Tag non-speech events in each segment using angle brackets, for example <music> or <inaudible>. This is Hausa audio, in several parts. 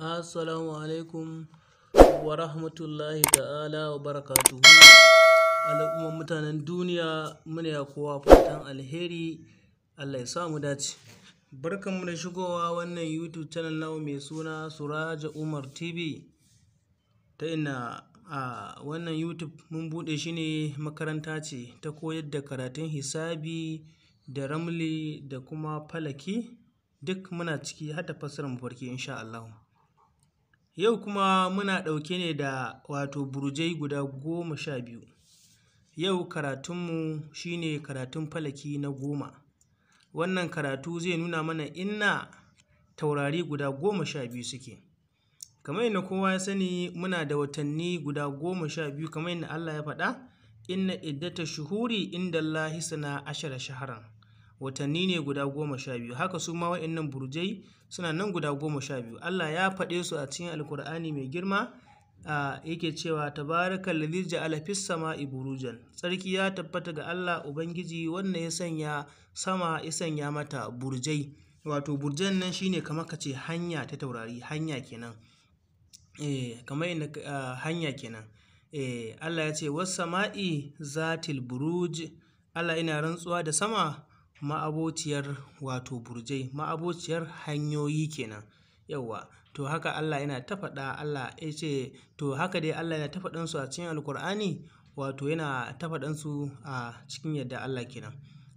Assalamu alaikum wa rahmatullahi ta'ala wa barakatuhu. Al'umman mutanen duniya muna kowa fatan alheri, Allah ya sa mu dace. Barkanmu da shigowa wannan YouTube channel namu mai suna Suraja Umar TV. Ta ina a wannan YouTube mun bude shi ne makaranta ce ta koyar da karatun hisabi da ramli da kuma falaki duk muna ciki hata fasirin fassarar mafarki insha Allah. Yau kuma muna ɗauke ne da wato burjai guda goma sha biyu. Yau karatunmu shi ne karatun falaki na goma. Wannan karatu zai nuna mana inna taurari guda goma sha biyu suke. Kamar yadda kowa ya sani muna da watanni guda goma sha biyu kamar yadda Allah ya faɗa, inna iddata shuhuri inda indallahi sana ashara shaharan watanni ne guda goma sha biyu haka su ma wa'annan burjai suna nan guda goma sha biyu Allah ya faɗe su a cikin alkur'ani mai girma a yake cewa tabarakal lalija ja'ala fis sama'i burujan sarki ya tabbata ga Allah ubangiji wanda ya sanya sama ya sanya mata burjai wato burjan nan shine kamar kace hanya ta taurari hanya kenan eh kamar inda hanya kenan eh, Allah ya ce was sama'i zatil buruj Allah ina rantsuwa da sama ma'abociyar wato burjai, ma'abociyar hanyoyi kenan yauwa. To haka Allah yana ta faɗa Allah ya ce to haka dai Allah yana ta faɗan su a cikin alkur'ani wato yana ta faɗan su a cikin yadda Allah kenan.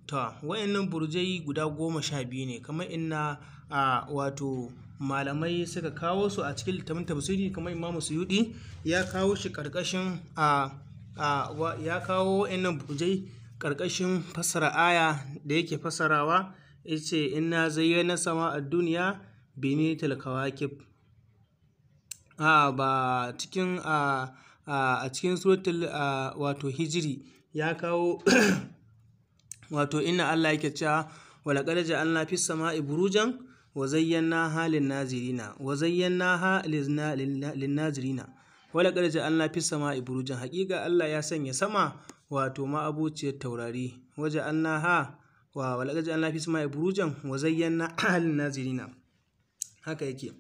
To wayannan burjai guda goma sha biyu ne kamar inna a wato malamai suka kawo su a cikin littafin tafsiri kamar Imam Suyuɗi ya kawo shi karkashin a, a ya kawo wayannan burjai ƙarƙashin fassara aya da yake fassarawa ya ce inna zayyana sama a duniya bini talkawakib a ba cikin a a cikin suratul wato hijiri ya kawo <clears throat> wato inna Allah yake cewa walaƙar ja'alna fis sama'i burujan wa zayyana halin nazirina wa zayyana ha lin nazirina walaƙar ja'alna fis sama'i burujan haƙiƙa Allah ya sanya sama wato ma'abociyar taurari waje annaha wa walakaji an lafi sama burujan wa na halin <clears throat> nazirina haka yake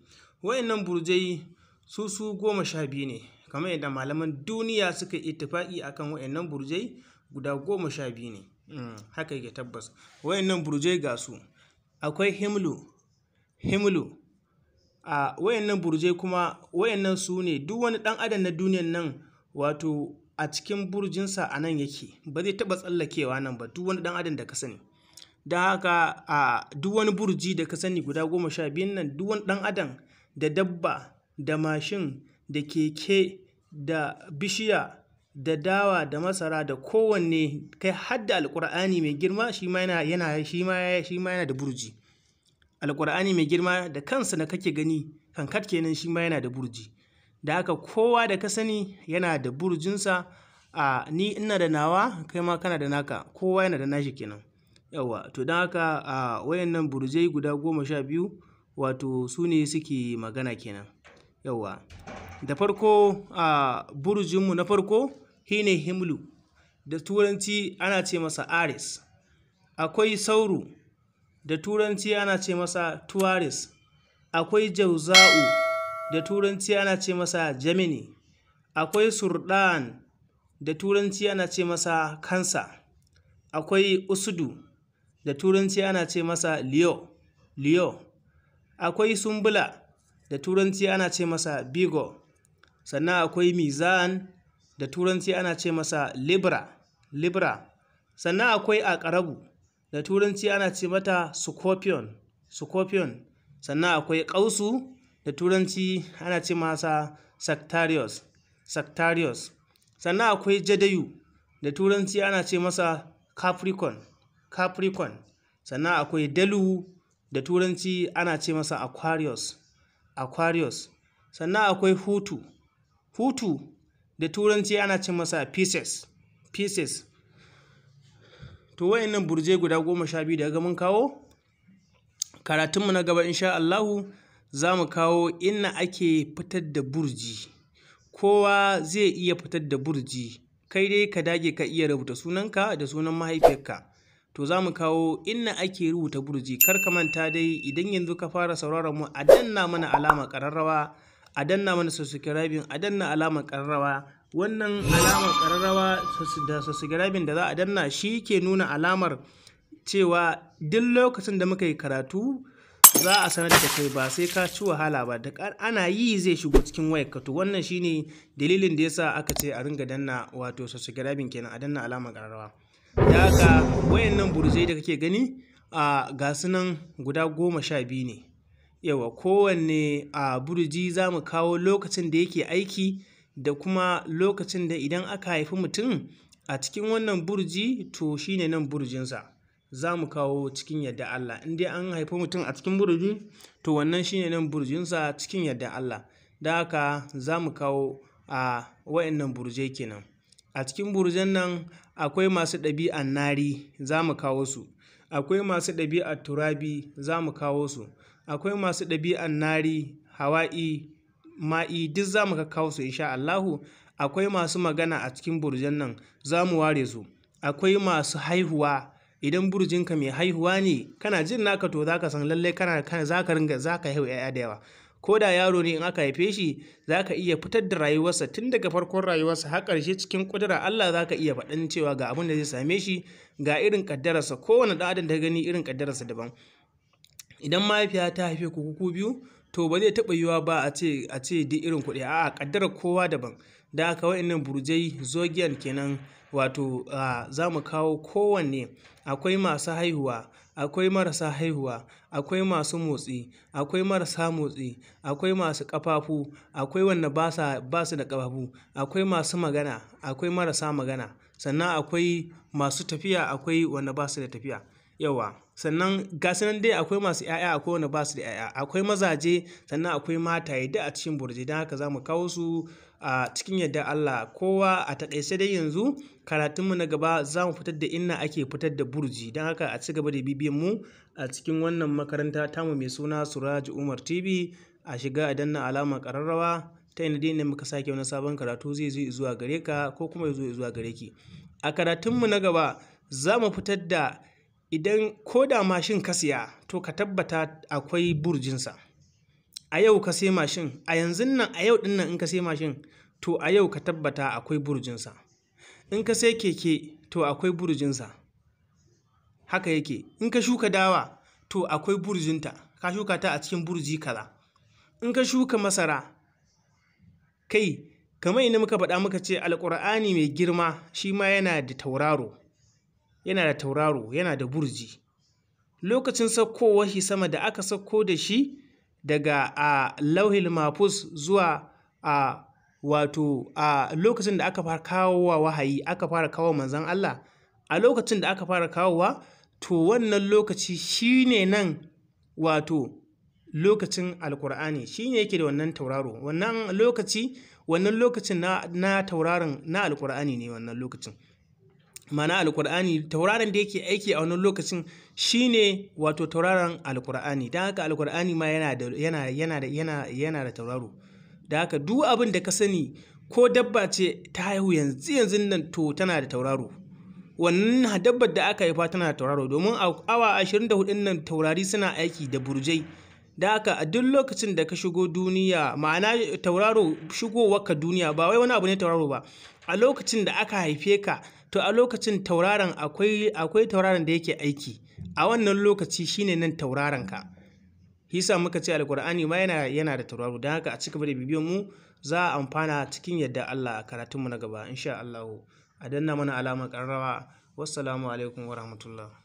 wayannan burujai su su goma sha biyu ne kamar yadda malaman duniya suka yi ittifaki akan wayannan burujai guda goma sha biyu ne mm, haka yake tabbas wayannan burujai ga su akwai himlu himlu a wayannan burujai kuma wayannan su ne duk wani ɗan adam na duniyan nan wato a cikin burjinsa a nan yake ba zai taɓa tsallakewa nan ba duk wani ɗan adam da ka sani don haka a duk wani burji da ka sani guda goma sha biyun nan duk wani ɗan adam da dabba da mashin da keke da bishiya da dawa da masara da kowanne kai hadda alkur'ani mai girma yana shi shi ma yana da burji alkur'ani mai girma da kansa na kake gani kankat kenan shi ma yana da burji da haka kowa da ka sani yana da burjinsa a ni ina da nawa kai ma kana da naka kowa yana da nashi kenan yawa to don haka a wayannan burjai guda goma sha biyu wato su ne suke magana kenan yawa da farko a burjinmu na farko ne himlu da turanci ana ce masa aris akwai sauru. da turanci ana ce masa tuwaris akwai jauza'u da turanci ana ce masa Germany. Akwai Sudan da turanci ana ce masa Kansa. Akwai Usudu da turanci ana ce masa Leo, Leo. Akwai Sumbula da turanci ana ce masa Bigo. Sannan akwai Mizan da turanci ana ce masa Libra, Libra. Sannan akwai Akarabu da turanci ana ce mata Scorpion, Scorpion. Sannan akwai Ƙausu da turanci ana ce masa sectarius sectarius sannan akwai jadayu da turanci ana ce masa capricorn capricorn sannan akwai dalu da turanci ana ce masa aquarius aquarius sannan akwai hutu hutu da turanci ana ce masa pieces pieces to wayannan burje guda goma sha biyu da ga mun kawo karatunmu na gaba insha Allahu za mu kawo inna ake fitar da burji. Kowa zai iya fitar da burji, kai dai ka dage ka iya rubuta sunanka da sunan mahaifiyarka. To za mu kawo inna ake rubuta burji, kar ka manta dai idan yanzu ka fara sauraron mu a danna mana alama ƙararrawa, a danna mana subscribing, a danna alama ƙararrawa. Wannan alama ƙararrawa da subscribing da za a danna shi ke nuna alamar cewa duk lokacin da muka yi karatu za a sanar da kai ba sai ka ci wahala ba da ana yi zai shigo cikin wayar ka to wannan shine dalilin da yasa aka ce a ringa danna wato subscribing kenan a danna alamar ƙararrawa da haka wayannan burzai da kake gani a ga nan guda goma sha biyu ne yawa kowanne a burji za mu kawo lokacin da yake aiki da kuma lokacin da idan aka haifi mutum a cikin wannan burji to shine nan burjinsa za mu kawo cikin yadda Allah in dai an haifi mutum a cikin burji to wannan shine nan burjinsa cikin yadda Allah da haka za mu kawo a wa'annan burje kenan a cikin burjen nan akwai masu ɗabi'an nari za mu kawo su akwai masu ɗabi'ar turabi za mu kawo su akwai masu ɗabi'an nari hawa'i ma'i duk za mu kawo su insha Allahu akwai masu magana a cikin burjen nan za mu ware su akwai masu haihuwa idan burjinka mai haihuwa ne kana jin naka to zaka san lalle kana za zaka ringa zaka haihu yaya da yawa ko da yaro ne in aka haife shi zaka iya fitar da rayuwarsa tun daga farkon rayuwarsa har ƙarshe cikin ƙudura Allah zaka iya faɗin cewa ga abin da zai same shi ga irin kaddararsa kowane da adam da gani irin kaddararsa daban idan mahaifiya ta haife ku ku biyu to ba zai taɓa yiwa ba a ce a ce duk irin kuɗi a'a kaddara kowa daban Da haka nan burjai zogiyan kenan wato a za mu kawo kowanne. Akwai masu haihuwa, akwai marasa haihuwa, akwai masu motsi, akwai marasa motsi, akwai masu ƙafafu, akwai wanda ba su da ƙafafu, akwai masu magana, akwai marasa magana. Sannan akwai masu tafiya, akwai wanda ba su da tafiya yawa Sannan gasu nan dai akwai masu 'ya'ya akwai wanda ba su da ya'ya Akwai mazaje sannan akwai mataye duk a cikin burjai. Don haka za mu kawo su. a cikin yadda Allah kowa a takaice dai yanzu karatunmu na gaba za mu fitar da inna ake fitar da burji don haka a cigaba da bibiyan mu a cikin wannan makaranta tamu mai suna Suraji Umar TV a shiga a danna alama kararrawa ta inda dai muka sake wani sabon karatu zai zo zuwa gare ka ko kuma ya zo zuwa gare ki a karatunmu na gaba za mu fitar da idan ko da mashin ka siya to ka tabbata akwai burjinsa a yau ka sai mashin a yanzun nan a yau ɗin nan in ka sai mashin to a yau ka tabbata akwai burjinsa in ka sai keke to akwai burjinsa haka yake in ka shuka dawa to akwai burjinta ka shuka ta a cikin burji kaza in ka shuka masara kai kamar inda muka faɗa muka ce alƙur'ani mai girma shi ma yana da tauraro yana da tauraro yana da burji lokacin saukowar shi sama da aka sauko da shi daga a lauhil mafus zuwa a wato a lokacin da aka fara kawowa wahayi aka fara kawo manzan Allah a lokacin da aka fara kawowa to wannan lokaci shine nan wato lokacin alkur'ani shine yake da wannan tauraro wannan lokaci wannan lokacin na, na tauraron na alkur'ani ne wannan lokacin ma'ana alkur'ani tauraron da yake aiki a wani lokacin shine wato tauraron alkur'ani don haka alkur'ani ma yana da da yana tauraro da haka duk abin da ka sani ko dabba ce ta haihu yanzu yanzu nan to tana da tauraro wannan dabbar da aka haifa tana da tauraro domin awa 24 nan taurari suna aiki da burjai da haka a duk lokacin da ka shigo duniya ma'ana tauraro waka duniya ba wai wani abu ne tauraro ba a lokacin da aka haife ka to a lokacin tauraron akwai tauraron da yake aiki a wannan lokaci shine nan tauraron ka hisa muka ce alkur'ani ma yana da tauraro don haka a cikin da bibiyon mu za a amfana cikin yadda Allah a karatunmu na gaba insha Allah a danna mana alamar karrawa wassalamu alaikum wa rahmatullah